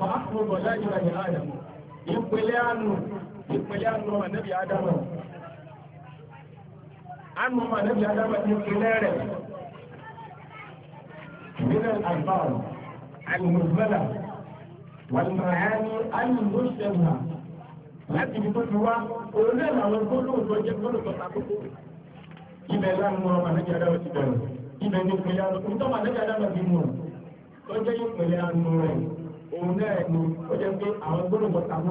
fàákùn bọ̀lá ìrìn àdámù ìpìlẹ̀ àánú ìpìlẹ̀ àánú ànẹ́bì àdámù àánú ànẹ́bì àdámù ìpìlẹ̀ rẹ̀ ìpìlẹ̀ àgbáwò àlùmọ̀lá wàlùmọ̀rání àlùmọ̀ṣẹ̀lá láti ibi tó ti wá òun náà làwọn gbólóhùn tó jẹ́ gbólóhùn tó takókó ibẹ̀ láàánú ànẹ́bì àdámù ti bẹ̀rẹ̀ ibẹ̀ ní ìpìlẹ̀ àánú tó jẹ́ ìpìlẹ̀ àánú rẹ̀ òun náà ni ó jẹ́ pé àwọn gbólóhùn tàbí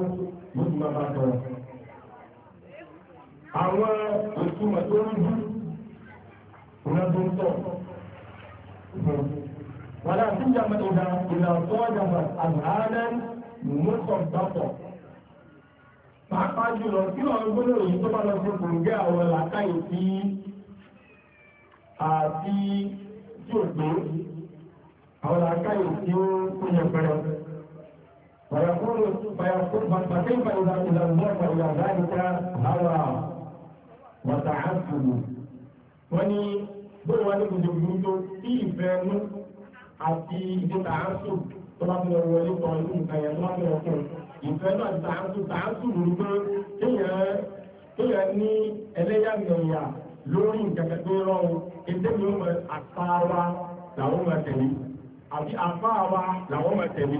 ló ti máa bá tọrọ. Àwọn ìtumọ̀ tó ń bú ọ̀nà tó ń tọ̀. Wọ́n náà tún jà mẹ́ta ìdá ìlà ọ̀tọ́ ọ̀dàmọ̀ àgbàdá mọ́tọ̀ dọ́tọ̀. Pàápàá jùlọ kí àwọn gbólóhùn yìí tó bá lọ sí kòǹgẹ́ àwọn làkàyè sí àti tí ò gbé àwọn làkàyè tí ó kúnyẹ̀ pẹ̀rẹ̀. فيقول فكيف إذا إذا انضاف إلى ذلك هوى وتعصب وني bóyá wà ní gbogbo tó tí ìfẹ́ mú àti ìdíkàásù tó bá fi ọwọ́ ilé kan ìlú nǹkan yẹn tó bá fi ọkùn ìfẹ́ náà pé kéèyàn ní ẹlẹ́yàmẹ̀yà lórí nǹkan rọrùn ètò mi mọ làwọn mọ tẹ̀lé àbí àfáwa làwọn mọ tẹ̀lé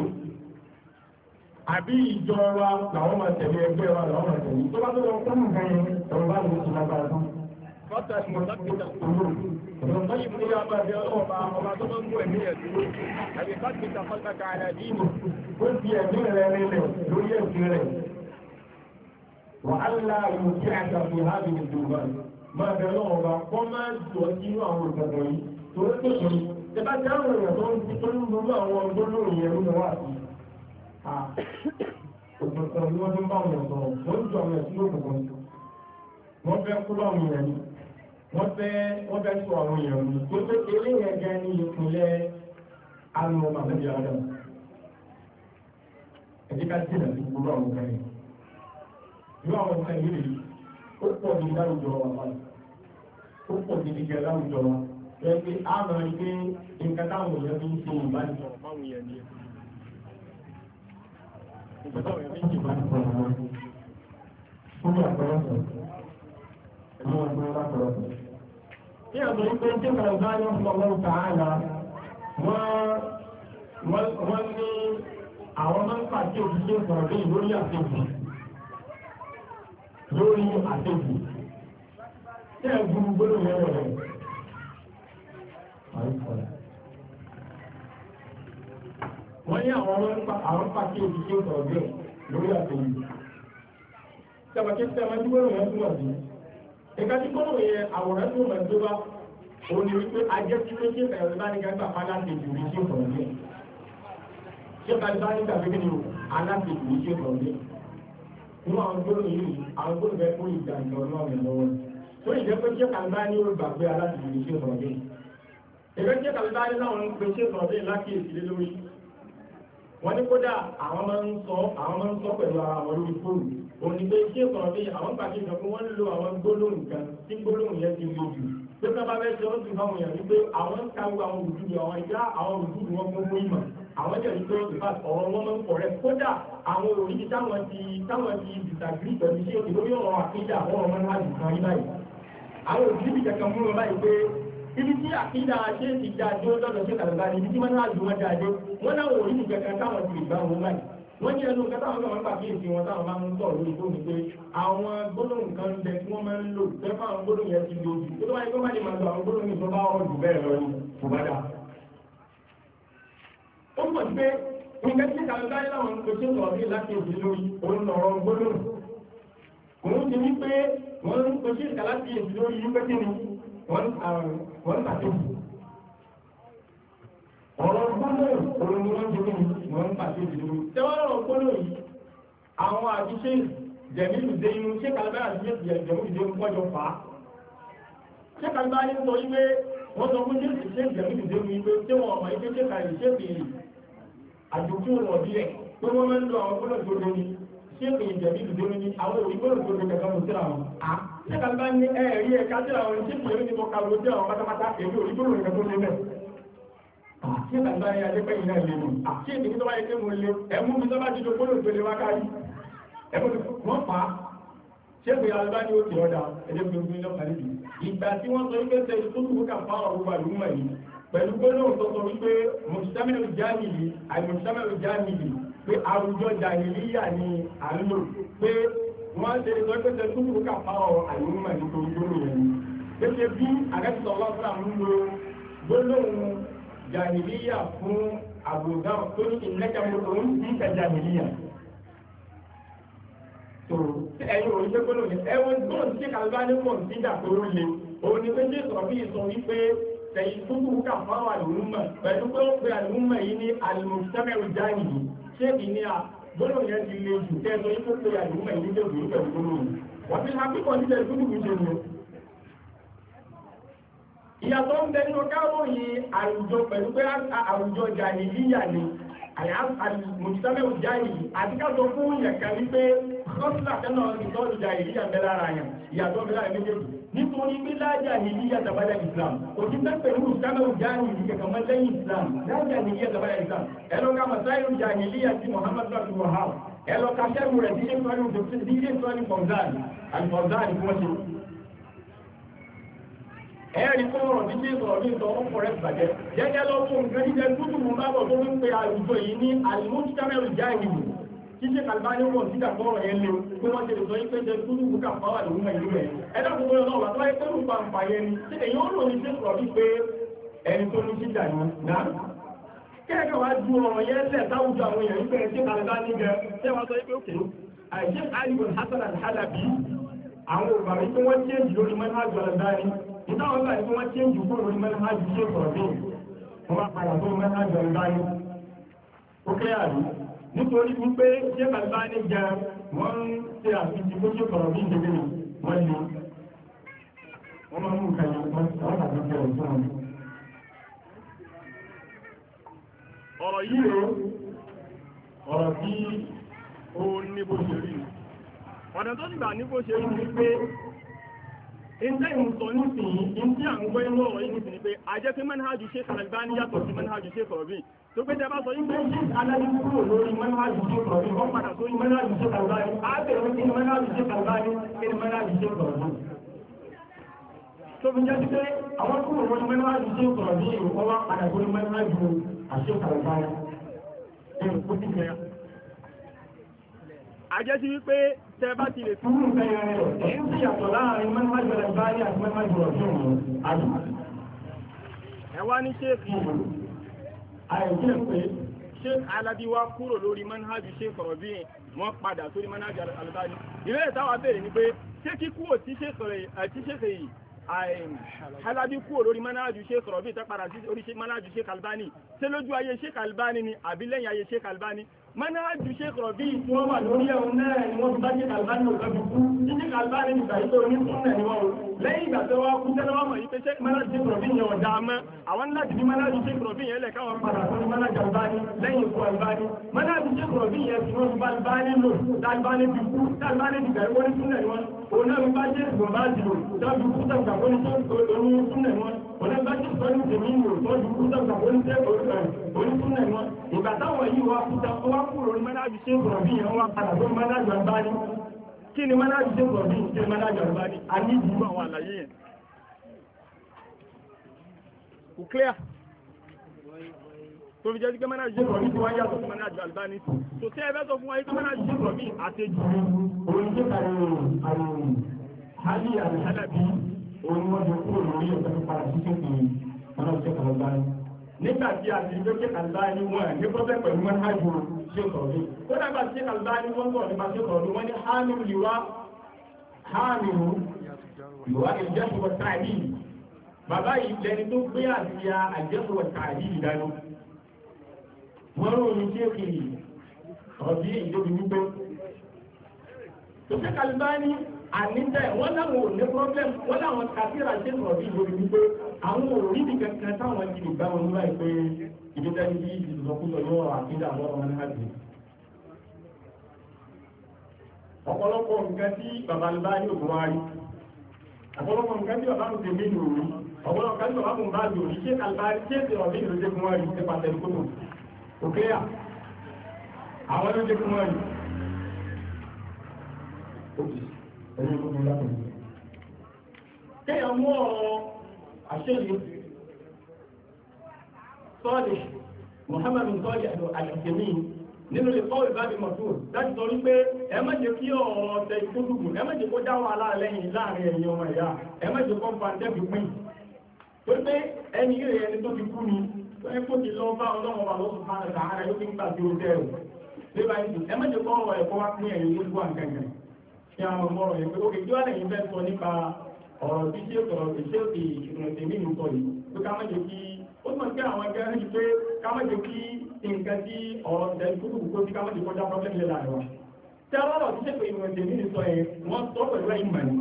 àbí ìjọ wa làwọn máa tẹ̀lé ẹgbẹ́ wa làwọn máa tẹ̀lé tó bá tó lọ fún nǹkan yẹn ẹ̀rọ bá lè ti lágbára fún. bọ́tà ìmọ̀lá ti dà kúrò ọ̀rọ̀ yìí mú yá bàbá ọba ọba tó máa ń mú ẹ̀mí ẹ̀ dúró àbí bá ti ta fọ́nká ká ara dì í mọ̀. ó fi ẹ̀mí rẹ̀ rinlẹ̀ lórí ẹ̀sìn rẹ̀. wàhálà ìlú kí àgbàfin hábi ìdùnnà máa bẹ lọ́wọ́ kọ́ máa jọ sínú àwọn ìgbàgbọ́ yìí torí pé ìbájá àwọn èèyàn tó ń lulú àwọn ọgbọ́n lórí ẹ̀rú wọn àti òkùnkùn ni wọ́n ti ń bá wọn sọ̀rọ̀ wọ́n ju àwọn ẹ̀sìn òkùnkùn ni wọ́n fẹ́ kú láwọn èèyàn ni wọ́n fẹ́ wọ́n fẹ́ sọ àwọn èèyàn ni tó tó eré yẹn gan ni ìpínlẹ̀ àwọn ọmọ àbẹ́bí ara ẹ̀jẹ̀ ká sí ìdàgbé gbogbo àwọn ọ̀gá yẹn irú ni Ní ọ̀dọ̀ ìpé tí mọ̀ bá yọ́ fọ́lọ́ tààlà wọ́n ní àwọn máa ń pàtí òṣìṣẹ́ sọ̀rọ̀ ní lórí àtẹ́kù. Lórí àtẹ́kù. Tí ẹ̀gbùn gbọ́nà wọ́n ní àwọn ọmọ àwọn pàkí òbí tí ó sọ̀rọ̀ bẹ́ẹ̀ lórí àtẹ̀yìn tẹ̀bàkí tẹ̀mọ́ tí gbọ́dọ̀ yẹn túmọ̀ sí ẹ̀ka tí gbọ́dọ̀ yẹn àwòrán tó mọ̀ tó bá òun ni wípé ajẹ́ tí ó ṣe ẹ̀rọ bá ní gágbà pa láti ètò ìbí tí ó sọ̀rọ̀ bẹ́ẹ̀ ṣé bá bá nígbà pé kí ni aláti ètò ìbí tí ó sọ̀rọ̀ bẹ́ẹ̀ nínú àwọn gbọ́dọ̀ yìí àwọn gbọ́dọ̀ bẹ́ẹ̀ kó ìgbà ìjọ ọlọ́run lọ́wọ́ tó ìjẹ́ wọ́n ní kódà àwọn máa ń sọ àwọn máa ń sọ pẹ̀lú ara wọn lórí fóònù òun ni pé kí ìkọ̀rọ̀ bí àwọn pàṣẹ ìjọba wọ́n ń lo àwọn gbólóhùn kan tí gbólóhùn yẹn ti le jù pé bàbá bẹ́ẹ̀ ṣe wọ́n ti fáwọn èèyàn wípé àwọn ń ka gbogbo àwọn òdúdú àwọn ìyá àwọn òdúdú wọn fún fún ìmọ̀ àwọn jẹ̀rí pé ìfà ọ̀rọ̀ wọn máa ń kọ̀rẹ́ kódà àwọn òrìṣi táwọn ti ibi tí àkídà ṣe ti dáadé lọ́dọ̀ sí kàlùbá ní ibi tí wọ́n náà jù wọ́n dáadé wọ́n náà wò nínú kankan táwọn ti gbà wọn láì wọ́n ní ẹnu nǹkan táwọn kan bá bí èsì wọn táwọn máa ń tọ̀ lórí tó ní pé àwọn gbólóhùn kan bẹ tí wọ́n máa ń lò fẹ́ fún àwọn gbólóhùn yẹn ti lo jù tó wáyé kó má lè máa lo àwọn gbólóhùn tó bá ọ̀rọ̀ jù bẹ́ẹ̀ lọ ní wọ́n gbà tó kù. ọ̀rọ̀ gbọ́dọ̀ òun ni wọ́n ti mú wọ́n gbà tó kù. tẹ́wọ́n ọ̀rọ̀ gbọ́dọ̀ yìí àwọn àtúnṣe jẹ̀mílù dé inú ṣé kalibá àti jẹ̀mílù dé kọjọ fà á. ṣé kalibá yìí sọ wípé wọ́n sọ fún jésù ṣé jẹ̀mílù dé mu wípé ṣé wọn ọ̀mọ̀ ike ṣé kalibá ṣé kìí àjòkú wọn bí rẹ̀ pé wọ́n máa ń lo àwọn gbọ́dọ̀ tó lóni ṣé kìí jẹ̀mílù dé mu ní àwọn òyìnbó nígbà bá ní ẹ̀rí ẹ̀ka tí àwọn ohun tí kò ní mọ kàló jẹ́ àwọn pátápátá èmi ò rí gbòòrò nǹkan tó lé mẹ́. nígbà bá ní adé pẹ́yìn náà lè mọ̀ àti èmi tó bá yẹ pé mo lé ẹ̀mú mi tó bá ti dogbó lòdò lè wá káyí ẹ̀mú mi wọ́n fà á ṣé pé alùbá ní òkè ọ̀dà ẹ̀dẹ́ pé ogun ìgbà tí wọ́n sọ wípé pé àwùjọ jàhìlíyà ni à máa ń ṣe ìtọ́jọ́jọ́ tó kúrò káfáwọ̀ àyínmọ̀ nítorí lónìí ẹni. gẹ́gẹ́ bí àrẹ́sọ̀ ọlọ́sà ń lo gbólóhùn jàhìlíyà fún àbùdá tó ní ìlẹ́kẹ̀mọ́tò ń bí ìkà jàhìlíyà. tó ẹ̀yin òun ṣe gbólóhùn ẹ̀wọ̀n gbọ́n ṣe kàlùbá ní mọ̀ sí ìjà tó le òun ni méjì sọ̀rọ̀ bí ìsọ wípé tẹ̀yìn tó kúrò káfáwọ̀ àyínmọ̀ pẹ̀lú pé ó pe àyínmọ̀ yìí ní àlùmọ̀ gbọ́dọ̀ yẹn ti le jù kẹ́ ẹ̀sọ́ yíkó pé àdúgbò mẹ́rin ní ìjọba ìjọba ìjọba wọ́n ti máa pípọ̀ nílẹ̀ gbúdùgbù jẹun ìyàtọ̀ ń bẹ nínú káwòyìn àwùjọ pẹ̀lú pé àwùjọ jàní yíyà ni mùsùlùmí ò jáì àti ká sọ fún yẹ̀kan wípé kọ́sílà kẹ́nà ìtọ́jú jàì yíyà ń bẹ lára yẹn ìyàtọ̀ mi láì méjèèjì nítorí pé láàjà nìyí yàtàbádà islam òtí tẹ́pẹ̀ rú sábẹ́rù jáàní yìí kẹ̀kẹ́ mọ́ lẹ́yìn islam láàjà nìyí yàtàbádà islam ẹlọ́ka masáyìrù jáàní yàtí muhammad bin wahab ẹlọ́ka sẹ́rù rẹ̀ dídé sọ́ni dídé sọ́ni fọ̀nzán alifọ̀nzán kọ́ sí. ẹ̀rí tó rọ̀ dídé sọ̀rọ̀ ní sọ ọkùnrin bàjẹ́ jẹ́jẹ́ lọ́kùnrin gẹ́gẹ́ kíṣe kàlùbáyé wọ̀n sí ìdàgbọ́rọ̀ yẹn lè pé wọ́n ṣe lè sọ pé jẹ kúrú bùkà fáwà lòun ẹ̀lú rẹ̀ ẹ̀dá gbogbo ọ̀nà ọ̀rọ̀ tó wáyé pé rúpa ń pa yẹn ni ṣe èyí ó lò ní ṣe sọ̀rọ̀ bí pé ẹni tó ní ṣíjà ni náà kẹ́ẹ̀kẹ́ wá ju ọ̀rọ̀ yẹn lẹ̀ táwùjọ àwọn èèyàn pé ṣe kàlùbáyé gẹ ṣé wọ́n sọ pé òkè àìṣe alibun hasan alhalabi àwọn òbàmí tí wọ́n ṣe jù lórí manhaj aládàáni nígbà wọn gbà tí wọ́n ṣe jù kúrò lórí manhaj ṣe sọ̀rọ̀ bí wọ́n bá padà tó manhaj aládàáni ó kéré àdúgbò nítorí wípé ṣé bàbá ní ga wọ́n ń ṣe àfihàn bó ṣe kọ̀rọ̀ bí ìṣẹ́gbẹ́ náà wọ́n ní wọ́n máa ń mú kàyà wọ́n àwọn àgbẹ̀fẹ́ ọ̀sán wọn. ọ̀rọ̀ yìí rẹ̀ ọ̀rọ̀ tí ó ní bó ṣe rí ọ̀nà tó nígbà ní bó ṣe rí ni pé ilé ìmùsọ nísìnyí ní tí à ń gbọ́ inú ọ̀rọ̀ yìí nísìnyí pé àjẹ́pé mẹ́nhàjú ṣe kàlbá ní yàtọ̀ sí mẹ́nhàjú ṣe tó gbé jẹba sọ yíkú aláìkúrò lórí mẹ́láàjì tó kọ̀ ní wọ́n padà sórí mẹ́láàjì tó kọ̀ báyìí á bẹ̀rẹ̀ ní mẹ́láàjì tó kọ̀ báyìí ní mẹ́láàjì tó kọ̀ ní tó fi jẹ́ sí pé àwọn kúrò lórí mẹ́láàjì tó kọ̀ ní ìwọ́n wá padà sórí mẹ́láàjì tó kọ̀ báyìí ẹ̀rù kó ti kẹ́yà àjẹ́ sí wípé tẹ bá ti lè fún un fẹ́yẹ rẹ̀ èyí sí yàtọ̀ láàrin mẹ́mọ́jọ́ rẹ̀ báyìí àti mẹ́mọ́jọ́ rẹ̀ fún un àjù ẹ̀wá ní ṣéèkì àìjẹ́ pé Sheikh Alabi wá kúrò lórí manhajú Sheikh Rabi wọ́n padà sórí manhajú Al-Albani ìrẹ́ ìtawà bèèrè ni pé ṣé kíkúrò tí Sheikh yìí Alabi kúrò lórí manhajú Sheikh Rabi tó padà sí orí manhajú Sheikh Albani ṣé lójú ayé Sheikh Albani ni àbí lẹ́yìn ayé Sheikh Albani mọ́nájú ṣe kọ̀rọ̀ bí wọ́n wà lórí ẹ̀hún náà ni wọ́n bá jẹ́ albani òkàbí kú títí albani nígbà yìí tó ní fún náà ni wọ́n lẹ́yìn ìgbà tó wá kú tẹ́lẹ̀ wọ́n mọ̀ yìí pé mana mọ́nájú ṣe kọ̀rọ̀ bí yẹn ọ̀dà mọ́ àwọn láti ní mọ́nájú ṣe kọ̀rọ̀ bí yẹn lẹ̀ káwọn padà fún mọ́nájú albani lẹ́yìn ikú albani mọ́nájú ṣe kọ̀rọ̀ bí yẹn tí wọ́n bá albani lò albani fi kú albani nígbà yìí wọ́n ní fún náà ni wọ́n òun náà bá jẹ́ òun sọ ní tèmi ní òtọ́jú kúta gbà ó ń tẹ́ onífúnnà ìgbà táwọn yìí wá kúta wá kúrò ní mẹ́lájú ṣe kùrọ̀ yẹn wá padà tó mẹ́lájú àgbá ní kí ni mẹ́lájú ṣe kùrọ̀ ṣe mẹ́lájú àgbá ní a ní ìdúró àwọn àlàyé yẹn kò clear tó jẹ́ sí pé mẹ́nájú ṣe kùrọ̀ bí ti wá òun ni wọ́n jọ kúrò lórí ọ̀sẹ̀ tó padà sí kéèkì ọlọ́ọ̀ṣẹ́ kàlọ́gbáyé nígbà tí a ti ń jókè àlùbáyé wọn ní pọ́sẹ̀ pẹ̀lú wọn hajj wọn ṣe kọ̀ọ̀lú ó dàgbà sí àlùbáyé wọn sọ̀rọ̀ nípa ṣe kọ̀ọ̀lú wọn ní hamilu liwa hamilu liwa ìjẹ́sùwọ̀ tààdì bàbá yìí lẹni tó gbé àtìyà àjẹsùwọ̀ tààdì ìdáná wọ́n rò ní ṣéèkì ọ̀bí ìjọba wípé tó ṣe kàlùbáyé àníbẹ̀ wọ́n láwọn ò ní problem wọ́n láwọn kàfíra ṣe ń rọ̀bí lórí wípé àwọn òrìdì kankan táwọn ti lè gbá wọn lọ́wọ́ ìpé ìdíjẹ́ ní bí ìdìdọ̀kúsọ yóò àkídà lọ́rọ̀ wọn láti. ọ̀pọ̀lọpọ̀ nǹkan tí bàbá lè bá yóò bọ́ wá rí ọ̀pọ̀lọpọ̀ nǹkan tí bàbá lè tèmi nù rí ọ̀pọ̀lọpọ̀ nǹkan tí bàbá lè bá lò rí ṣé àlùbárí ṣé ti rọ̀bí ló dé fún wọn rí nípa tẹlifóònù òkè àwọn ló dé fún wọn rí ẹni tó mú lápẹ̀. kéèyàn mú ọ̀rọ̀ àṣẹ́lú sọ́ọ̀dì muhammadu sọ́ọ̀dì àjọ̀kẹ́mí nínú ìkọ́ ìbábi mọ̀tò láti sọ wípé ẹ má jẹ́ kí ọ̀rọ̀ ọ̀tẹ̀ ìkókùnkùn ẹ má jẹ́ kó dáwọ́ aláàlẹ́yìn láàrin ẹ̀yìn ọmọ ìyá ẹ má jẹ́ kó fa tẹ́bi pín tó pé ẹni rẹ̀ ẹni tó ti kú ni tó ẹ kó ti lọ bá ọlọ́run wà lọ́sùn fún àrẹ̀ yóò fi ń gbà tí ó tẹ́ ẹ̀ nígbà yìí ẹ má jẹ́ kó ọ̀rọ̀ ẹ̀kọ́ wá pín ẹ̀yìn lójú àǹkẹ́kẹ́ kí a mọ̀ mọ́rọ̀ yẹn pé ó kìí wọ́n lẹ́yìn bẹ́ẹ̀ sọ nípa ọ̀rọ̀ tí ṣe ọ̀rọ̀ tí ṣe ti ìṣúná tèmi ń sọ yìí pé ká má jẹ́ kí ó problem lé láàrin wa. tí a lọ́rọ̀ tí ṣe pé ìṣúná tèmi ń sọ yẹn wọ́n sọ pẹ̀lú ẹ̀yìn mọ̀ ni.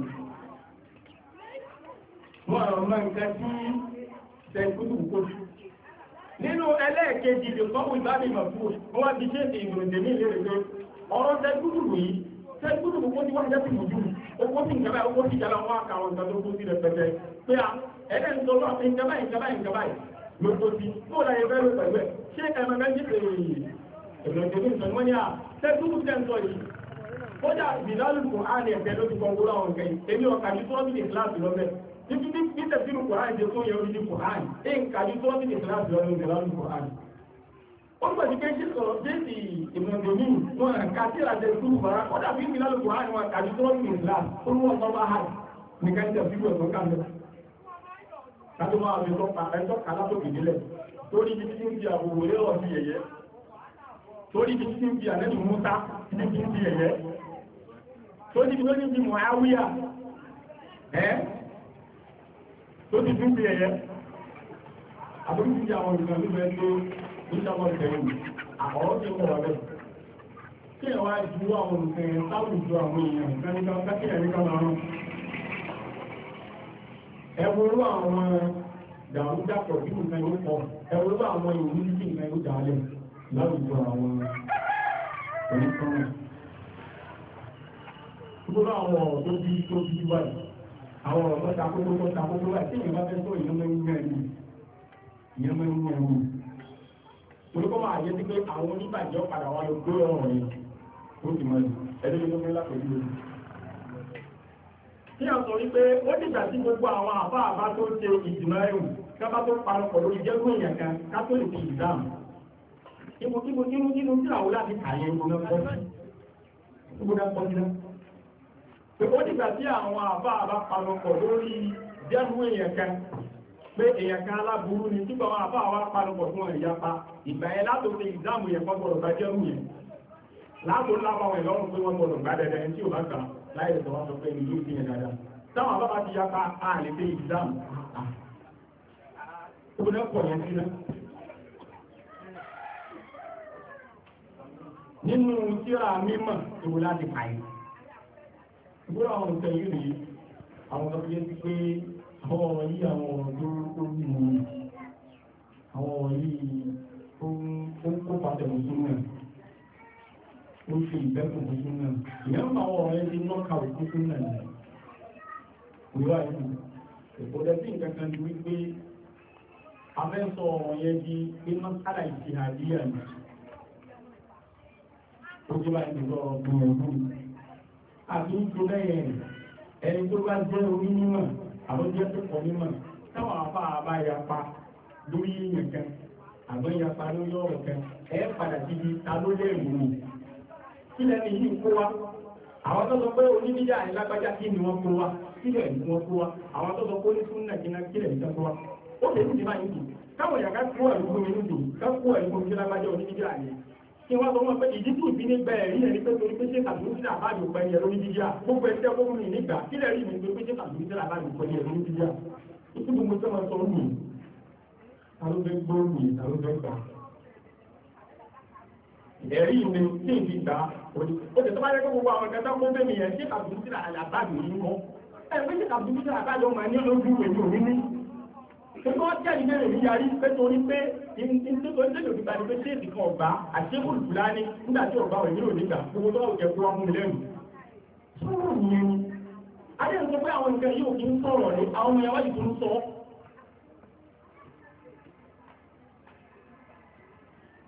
wọ́n rọ̀ mọ́ nǹkan tí tẹ̀ kúrú kó sí. nínú ẹlẹ́ẹ̀kejì lè sẹ́yìn gbọ́dọ̀ gbogbo ti wáyé ti mọ̀jú owó ti nkàbá owó ti jàlá wọn àkàwọn ìgbà tó kó sí rẹpẹtẹ pé à ẹ̀rẹ́ ń sọ́lọ́ ìjàmbá ìjàmbá ìjàmbá lóko ti kó láyé fẹ́ ló pẹ̀lú ẹ̀ ṣé ẹ̀mẹ̀ méjì pèrè ìrìnàjò ìsọ̀nù wọn ni à sẹ́yìn ti ń sọ yìí kódà bìlálù kò á lè ẹ̀fẹ́ ló ti kọ́ wúrọ̀ àwọn ìkẹyìn èmi ọ̀kà ní sọ́ọ́bì ní kíláàsì lọ́fẹ́ nítorí bí tẹ̀sílù ní kò á lè ń kà ní kò á lè ó gbọ́dí pé jíkọ̀ déètì ìmọ̀gbẹ̀mí wọn kà sí ìrànṣẹ́ ìlú bàrá ó dàbí ìpínlẹ̀ lóko àárín wọn kàbí tó ń rìn láà ó ní wọn bá hà nìkan jẹ́ fíwọ̀ tó kà lọ. kájú máa fi tọ́pa ẹjọ́ kàlá tó kì nílẹ̀ torí bí tí ń fi àbòwò lé ọ̀ sí yẹyẹ torí bí tí ń fi àlẹ́dùn múta ní bí ń fi yẹyẹ torí bí lóní bí mọ̀ áwíyà ẹ́ tó ti tún àbúrú ti di àwọn ìgbàlú ìjọba àwọn dàrúdàpọ̀ bí nǹkan yóò pọ̀ ẹ àwọn ìwé tí nǹkan yóò láwùjọ àwọn oníkanà. gbogbo àwọn ọ̀rọ̀ tó bí tó bí wáyé àwọn ọ̀rọ̀ tó takókó tó takókó wáyé tó ìyẹn mẹ́rin mẹ́rin àyè sí pé àwọn oníbàjẹ́ padà wá lọ gbé ọ̀rọ̀ yìí ó sì mọ̀ ẹni tó fún lápẹ̀lú rẹ̀. Tí a sọ wípé ó dìgbà sí gbogbo àwọn àbá àbá tó ń ṣe ìdìmọ̀ ẹ̀rù kábá tó parọ́pọ̀ lórí jẹ́gbọ́n èèyàn kan ká tó lè fi ìdáhùn. Ibo kíbo nínú nínú tí àwọn láti kàyé ìgbóná pọ̀ sí. Ìgbóná pọ̀ sí náà. Pé ó dìgbà sí àwọn àbá àbá parọ́pọ̀ lórí jẹ́gbọ́n èèyàn kan pé èèyàn kan aláburú ni tí bàbá àbá wa palọ̀pọ̀ fún ẹ̀ ìyapa ìgbà yẹn látò ní ìdáàmú yẹn gbọ́dọ̀ bá jẹ́rù yẹn látò lábàwọn ìlọ́run pé wọ́n gbọ́dọ̀ gbá dẹ̀dẹ̀ ẹni tí ò bá gbà láì lè sọ̀rọ̀ sọ pé ìlú sí yẹn dáadáa táwọn àbá bá ti yapa a lè dé ìdáàmú ah, ó àwọn ọ̀rọ̀ yìí àwọn ọ̀rọ̀ tó ó ní mú àwọn ọ̀rọ̀ yìí ó ń kópa tẹ̀wọ̀n ó fi ìbẹ́kùn fún sún àwọn ọ̀rọ̀ yìí ti nọ́ka òkú sún àti ń tó ẹni tó bá jẹ́ orí mímọ̀ àwọn jẹ́ tó kọ̀ mímọ̀ táwọn afá àbá yapa lórí èèyàn kan àbọ̀ yapa lórí ọ̀rọ̀ kan ẹ̀ padà sí ibi ta ló lé ìwòrò kí lẹ́ni yìí kó wa àwọn tó sọ pé onídíjà ìlágbájá kí ni wọ́n kó wa kí lẹ̀ ni wọ́n kó wa àwọn tó sọ pé onífún náà kí lẹ̀ ni wọ́n kó wa ó lè ní ìdí máa ń dùn káwọn ìyàgá kó ẹ̀rú fún mi nìdùn ká kó ẹ̀rú fún mi lágbájá kí wọ́n sọ wọn pé ìdíkù bí níbẹ̀ rí ẹni pé torí pé ṣé tàbí àbájò pẹ̀lú ẹ̀rọ ní jíjà gbogbo ẹni tẹ́ gómìnà nígbà kí lè rí mi pé ṣé tàbí àbájò pẹ̀lú ẹ̀rọ ní jíjà ikú gbogbo tó máa sọ nù àlóbẹ́ gbóòmì àlóbẹ́ gbà ẹ̀rí mi ní ìdí gbà òní ó ti tọ́bá yẹ́kọ́ gbogbo àwọn kẹta kó bẹ́mi yẹn ṣé tàbí àbájò yìí mọ́ ẹ̀ Èmi wọ́n jẹ́ ìmẹ́ rẹ̀ yíyarí pé torí pé ìdíjọ́ ìgbà ni pé ṣéèdì kan ọ̀gbá àti ṣéèkù ìgbà ní nígbà tí ọ̀gbá òyìn ò nígbà gbogbo tó ọ̀jẹ̀ kúrọ̀ mú lẹ́nu. Sọ́rọ̀ yẹn ni. Adé ń sọ pé àwọn nǹkan yóò kí ń sọ̀rọ̀ ní àwọn ọmọ ẹwà ìtún sọ.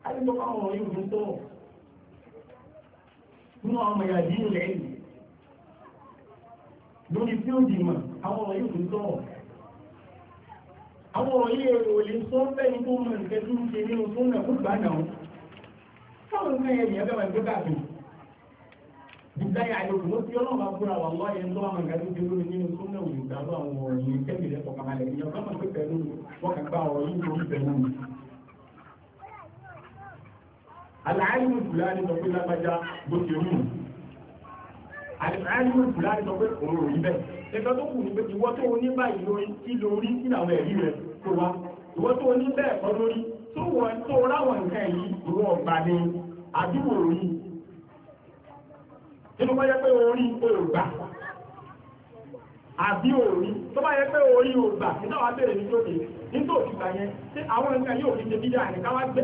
Adé ń sọ pé àwọn ọmọ yóò kí ń sọ̀rọ̀. Nínú àwọn ọmọ ìyàdí ilẹ̀ yìí. Lórí fíòdì mọ̀, àwọn ọmọ yóò kí ń sọ̀rọ̀ àwọn òye èrò lè sọ fẹ́ni tó mọ̀ nǹkan tó ń ṣe nínú tó ń nà fún ìgbà náà táwọn nǹkan yẹn yẹn bẹ́ẹ̀ gbé káàkiri ìgbà yà àyè òwò tí ọlọ́run bá fúra wà lọ́wọ́ yẹn tó àwọn ìgbàlódé tí olómi nínú tó náà òyìnbó àbọ̀ àwọn ọ̀rọ̀ yẹn kẹ́mi lẹ́kọ̀ọ́ kan alẹ́ yẹn ọlọ́run pé pẹ̀lú wọn kà gba ọ̀rọ̀ yìí lórí pẹ̀lú mi. àlàyé ìlú ìlú àti sọ pé lágbájá bó ti rú àìsàn ìbùlárí sọ pé òun ò rí bẹ́ẹ̀ ẹgbẹ́ tó kù ní pé ìwọ tó ní báyìí lórí tí lórí sí àwọn ẹ̀rí rẹ̀ tó wá ìwọ tó ní bẹ́ẹ̀ kọ́ lórí tó wọ́n tó ráwọn nǹkan yìí ìwọ ọ̀gbà ni àdúgbò rí nínú bá yẹ pé orí òògbà àbí orí tó bá yẹ pé orí òògbà nígbà wá bẹ̀rẹ̀ ní lóde nígbà òtúgbà yẹn tí àwọn nǹkan yóò fi ṣe dídà ní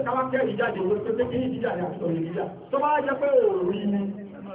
káwá kẹ́rì jáde wọ́n pé pé kí ní dídà ní àtúntò ní dídà tó bá yẹ pé orí ni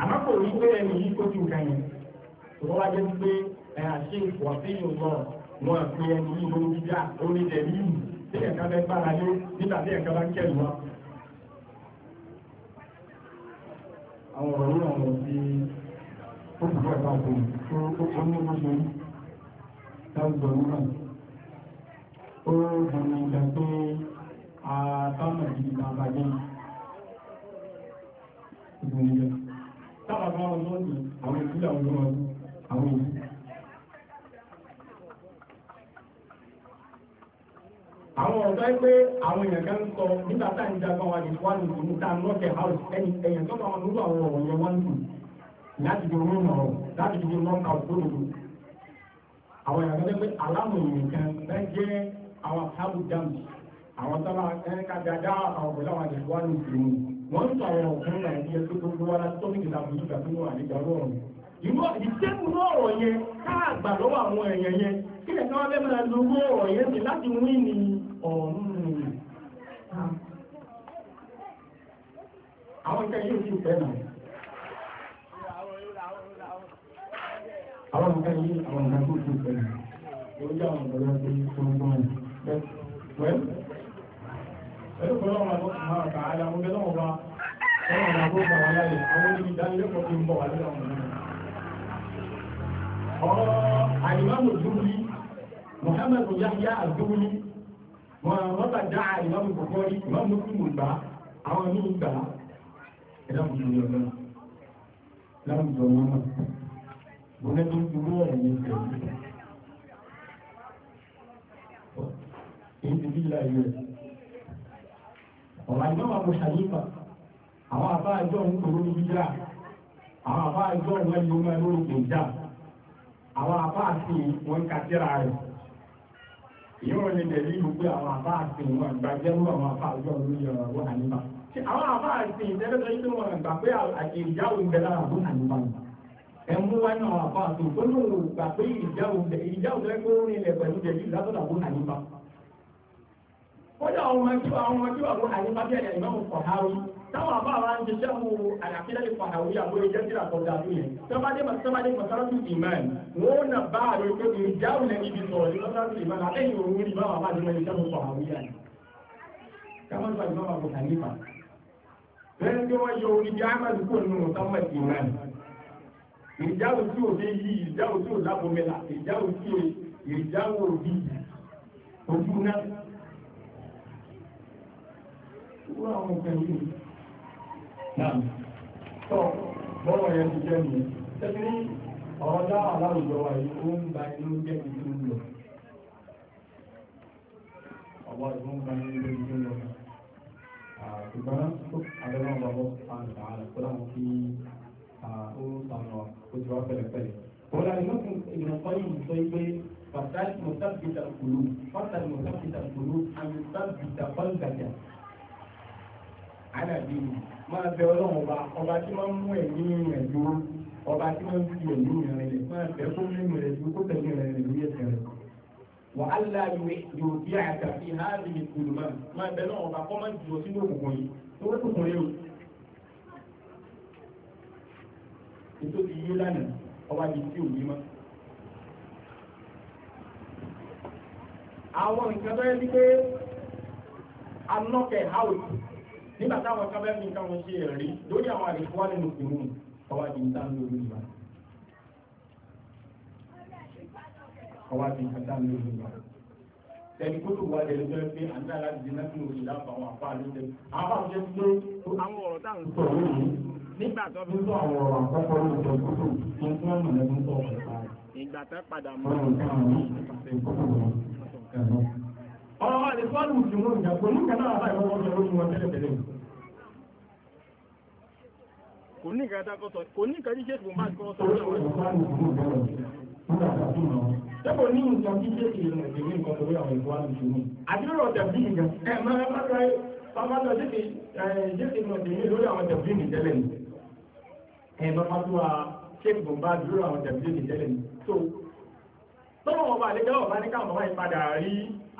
àmọ́ kò rí pé ẹni yìí kó ti nǹkan yẹn tó wá jẹ́ pé ẹ̀ àṣẹ ìfọ̀síyìn lọ wọn pe ẹni yìí ló ń jíjà orí rẹ̀ yìí tí ẹ̀ka bẹ́ bára lé nígbà tí ẹ̀ka bá ń kẹ́lù wọn. àwọn ọ̀rọ̀ yìí àwọn ọ̀sẹ̀ ó ti bẹ́ẹ̀ bá a bẹ̀rẹ̀ tó ó ní bó ṣe rí láwùjọ ó dànù ìgbà pé àtàwọn ìdílé bàbá jẹ́ ìgbòmìnira tábà bá wọn lọ́nà àwọn ìpínlẹ̀ àwọn ọmọ àwọn òbí àwọn ọ̀gá pé àwọn èèyàn kan sọ nígbà tá ìjà kan wà ní wọ́n ní ìlú lọ́kẹ̀ house ẹni èèyàn tó máa lórí àwọn ọ̀rọ̀ yẹn wọ́n láti fi rún ọ̀rọ̀ láti fi rún ọ̀kà àwọn èèyàn kan pé aláwọ̀ àwọn tọ́lá ẹ̀ka dada àwọn pẹ̀lú àwọn wà ní ìlú wọ́n ń àwọn ọ̀kan náà ní tó gbogbo wa láti tọ́mì ìlà fún tó wà nígbà ọlọ́run ìwọ ìṣẹ́gun ọ̀rọ̀ yẹn káàgbà lọ́wọ́ àwọn èèyàn yẹn kí lè ká wá máa lo owó yẹn sí láti wí ní ọ̀run àwọn pẹ̀lú pẹ̀lú ọmọ àbọ̀ máa kà á la mo bá ọmọ àbọ̀ bá láyé àwọn olùdí ìdánilẹ́kọ̀ọ́ tó ń bọ̀ wà lọ́wọ́ ọ̀rọ̀ àìmáàmù dúrúlí Muhammadu Yahya àdúrúlí wọ́n bá dá àìmáàmù ọ̀rọ̀ àjọwà mú ṣàyípa àwọn àbá àjọ ń kò lórí jíjá àwọn àbá àjọ ń yóò máa lórí ìjà àwọn àbá àti wọn kàtíra rẹ̀ yóò lè dẹ̀ lílu àwọn àbá àti wọn gbàjẹ́rú àwọn àbá àjọ lórí ọ̀rọ̀ àwọn àníbà àwọn àbá àti ìtẹ́lẹ́sọ yìí tó wọn gbà pé ìjà òun bẹ lára àníbà ni ẹ mú wá náà àbá àti ìgbóná pé ìjà òun bẹ ìjà òun lẹ́gbẹ́ kódà àwọn ọmọ ẹgbẹ́ àwọn ọmọ ẹgbẹ́ àwọn àyíká bí ẹ̀yà ìmọ̀ kọ̀háwí táwọn àbá wa ń ṣiṣẹ́ mu àyàfílẹ̀ ìfàhàwí àwọn ẹgbẹ́ tí a kọjá sí yẹn tọ́badé tọ́badé mọ̀sálásù ìmán wọn ò nà bá àwọn ẹgbẹ́ mi dáhùn lẹ́ni ibi sọ̀rọ̀ ní mọ̀sálásù ìmán àtẹ̀yìn òun rí bá wàhálà nínú iṣẹ́ mu kọ̀háwí yẹn. káwọn ìfà ìmọ̀ wà kò kà nípa lẹ́yìn tí wọ́n yọ orí bí amadu kò nù sọ́mọ̀ ìmán ìjáwó tí ò lé yí ìjáwó tí ò lábòmẹ́lá ìjáwó tí ò ìjáwó òbí ojú náà Ìwọ́n àwọn òfin yìí. Náà, tọ́ bọ́wọ̀ yẹn ti jẹ́ mi. Tẹ́bí ní ọ̀rọ̀ dáwà láwùjọ wa yìí, ó ń ba inú jẹ́ mi tó ń lọ. Ọ̀wọ́ ìwọ́ ń ba inú jẹ́ mi tó ń lọ. Ṣùgbọ́n àbẹ̀wọ̀n ọ̀gbọ̀n àwọn àwọn kó láwọn fi ó sànà oṣù wa pẹ̀lẹ́pẹ̀lẹ́. Bọ́lá ìmọ̀ ìrìnàkọ́ yìí sọ pé فقال ànàbí máa bẹ ọlọ́run ọba ọba tí máa ń mú ẹ̀mí rẹ̀ dúró ọba tí máa ń fi ẹ̀mí rẹ̀ rẹ̀ máa bẹ fún mímu rẹ̀ dúró kó tẹ̀lé rẹ̀ rẹ̀ lórí ẹ̀sẹ̀ rẹ̀. wà á la yóò bí àgbà fi hàn ní ìkùnmá máa bẹ ọlọ́run ọba kọ́ máa ń jùlọ sínú òkùnkùn yìí tó wọ́n tó kùn o. ètò ti yé lánàá ọba yìí tí ò ní mọ́. àwọn nǹkan tó yẹ nígbà táwọn kábẹ́ fi nǹkan wọn ṣe ẹ̀rí lórí àwọn àdìsí wà nínú kùnú ọwá di nǹkan lórí ìgbà ọwá di nǹkan lórí ìgbà tẹni kó tó wà lẹ́nu tó ń pè àní aláàbí di náà nínú ìlà àwọn àpá àlùjẹ àwọn àpá àlùjẹ tó àwọn ọ̀rọ̀ tá à ń sọ̀rọ̀ yìí nígbà tó fi ń àwọn ọ̀rọ̀ àkọ́kọ́ ló ń sọ kókò tó ń fún ọmọ tó ọ̀rọ̀ ìgbà tó padà mọ́ ọ̀rọ̀ ọ̀rọ̀ wa lè fọ́ọ̀lù mùsùlùmí ìjà kò ní kẹta àbá ìwọ́wọ́ sọ lórí wọn tẹ́lẹ̀ tẹ́lẹ̀ kò ní kẹta kọ́sọ̀ kò ní kẹta jẹ́ tó bá kọ́ sọ lórí wọn tẹ́kọ̀ ní nǹkan tí jẹ́ kìí lè ní nǹkan lórí àwọn ìwà mùsùlùmí àdúrà tẹ̀bí nìkan ẹ̀ máa bá ra ẹ̀ bá lọ jẹ́ kìí jẹ́ kìí lọ tẹ̀lé lórí àwọn tẹ̀bí nìtẹ́lẹ̀ ni ẹ̀ bá bá tó a ṣé kò bá dúró àwọn tẹ̀bí nìtẹ́lẹ̀ ni ọba àlejò ọba ní káwọn bàbá ìpadà rí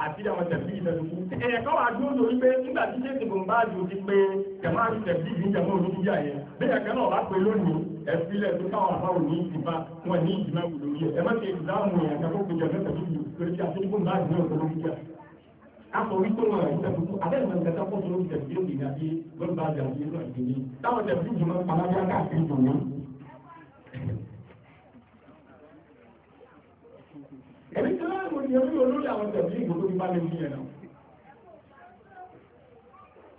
àti àwọn tẹ̀sí ìtẹ̀sùkú ẹ̀yẹ̀ kọ́ wà dúró lórí pé nígbà tí jésù kò ń bá ju ti pé tẹ̀mọ́ àti tẹ̀sí ìlú tẹ̀mọ́ olókùnjà yẹn bí ẹ̀kẹ́ náà bá pé lónìí ẹ̀fílẹ̀ tó káwọn àbáwò ní ìdìbà wọn ní ìdìbà lórí ẹ̀ ẹ̀mọ́ ti ìdáhùn yẹn kẹ́kọ́ kó jẹ́ mẹ́tẹ̀ẹ́ tó lórí tí a ti kó ń bá ìdílé olókùnjà akọ wípé wọn rẹ ìfẹ́ tuntun abẹ́rẹ́ mọ̀ nǹkan tó ló ń tẹ̀sí ló ń gbìyànjú ló ń bá àjà ìdílé náà ìdílé táwọn tẹ̀sí jùlọ pàlàbí akáàkiri tòun èmi tí láì mo yẹ orí olórí àwọn tẹ̀lé ìbò tó fi bá lè fi yẹn náà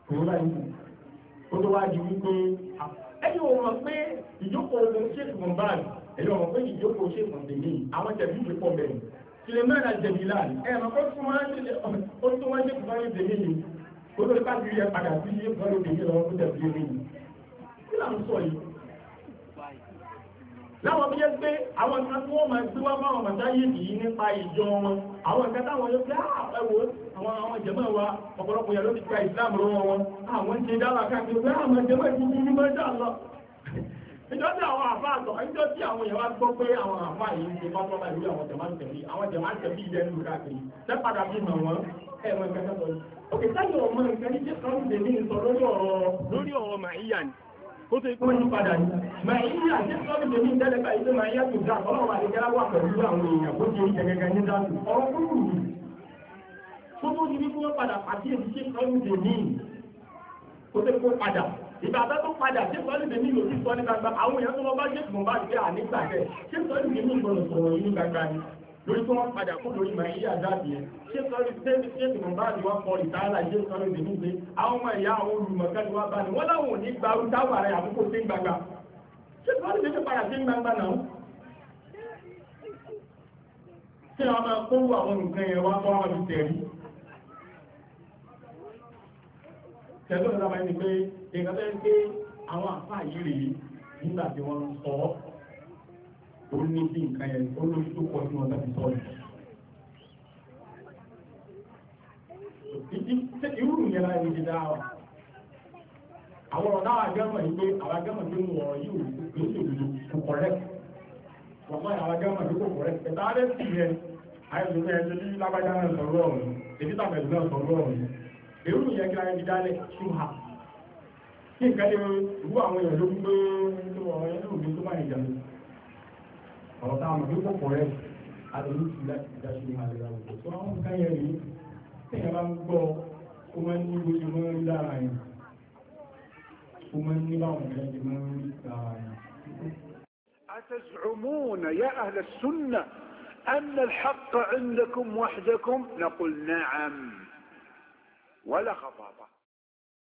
kò láì mú ó tó wá di wípé ẹni ò mọ̀ ìjókòó ọmọ ṣéèkì báyìí ẹni ò ìjókòó ṣéèkì mọ̀ tèmi àwọn tẹ̀lé ìbò pọ̀ bẹ́ẹ̀ Sulemana Jẹ̀bílá ẹ̀ mọ̀ pé fún wa ó tún wá ṣéèkì fún tẹ̀lé ìbò yìí kí là láwọn bí jẹ́ pé àwọn nǹkan tí wọ́n máa gbé wá fáwọn màtá yìí nìyí nípa ìjọ wọn àwọn nǹkan táwọn yóò gbé àwọ̀ àwọn àwọn jẹ̀mọ́ wa ọ̀pọ̀lọpọ̀ yẹn ló ti ka Islam lọ́wọ́ wọn àwọn ah, ti dára káàkiri pé ah, àwọn jẹ̀mọ́ ti di mímọ́ dà lọ. ìjọ tí àwọn àfa àtọ̀ ìjọ tí àwọn yẹn wá gbọ́ pé àwọn àfa yìí ti bá tọ́lá ìlú àwọn jẹ̀mọ́ tẹ̀lé àwọn jẹ̀mọ́ tẹ̀lé ilẹ̀ nù káàkiri tẹ́ padà bí mọ̀ ó ti kó yí padà ní. Màá yí àti sọ́ọ̀bù tèmi ń tẹ́lẹ̀ báyìí tó máa yá tó dá ọlọ́run àti ìjọba wà pẹ̀lú àwọn èèyàn tó ti yẹ gẹ́gẹ́ ní dáàbò. Ọ̀rọ̀ kúrú yìí. Tó tó ti ní kí wọ́n padà àti èyí ṣe sọ́ọ̀bù tèmi. Ó ti kó padà. Ìgbà tó tó padà ṣé sọ́ọ̀bù tèmi ló ti sọ ní gbangba. Àwọn èèyàn tó lọ bá ṣe fún bá ṣe ànígbà bẹ́ẹ̀. Ṣé sọ́ọ̀bù tèmi gbọ́dọ̀ sọ̀rọ̀ yìí gbangba ni? lórí tó wọ́n padà kó lórí màá yíyà dáàbì ẹ̀ ṣé sọ́rí tẹ́sí mọ̀ bá àdìwá kọ ìtàlá ṣé sọ́rí ìdìbò pé àwọn ọmọ ìyá àwọn olùmọ̀kẹ́ni wá bá ní wọ́n láwọn ò ní gba táwà rẹ̀ àkókò sí gbangba ṣé sọ́rí ìdìbò padà sí gbangba náà ṣé wọ́n máa kó àwọn nǹkan yẹn wá kọ́ àwọn ìtẹ̀rí tẹ̀lé ọ̀dọ́ àwọn ẹni pé ìgbàlẹ́ pé àwọn àfáà yìí rèé nígbà tí wọ́n sọ ó ní bí nǹkan yẹn ó lójú tó pọ̀ sí wọn láti sọ̀rọ̀. irú ìyẹn la yẹn ti dá wa àwọn ọ̀nà àgẹ́mọ̀ yìí pé àwọn àgẹ́mọ̀ tó ń wọ̀ yìí ò ní ṣèlú kò correct wọ́n mọ̀ àwọn àgẹ́mọ̀ tó kò correct ẹ̀ta á lẹ́ sí yẹn àìsùn ẹ̀ ṣe ní lágbájá náà sọ̀rọ̀ ọ̀run èyí tàbẹ̀lú náà sọ̀rọ̀ ọ̀run èrú ìyẹn kí la yẹn ti dálẹ̀ ṣùgbọ́n kí nǹkan lè rú àwọn èèyàn ló ń gbé tó máa ń jà أتزعمون يا أهل السنة أن الحق عندكم وحدكم نقول نعم ولا خطابة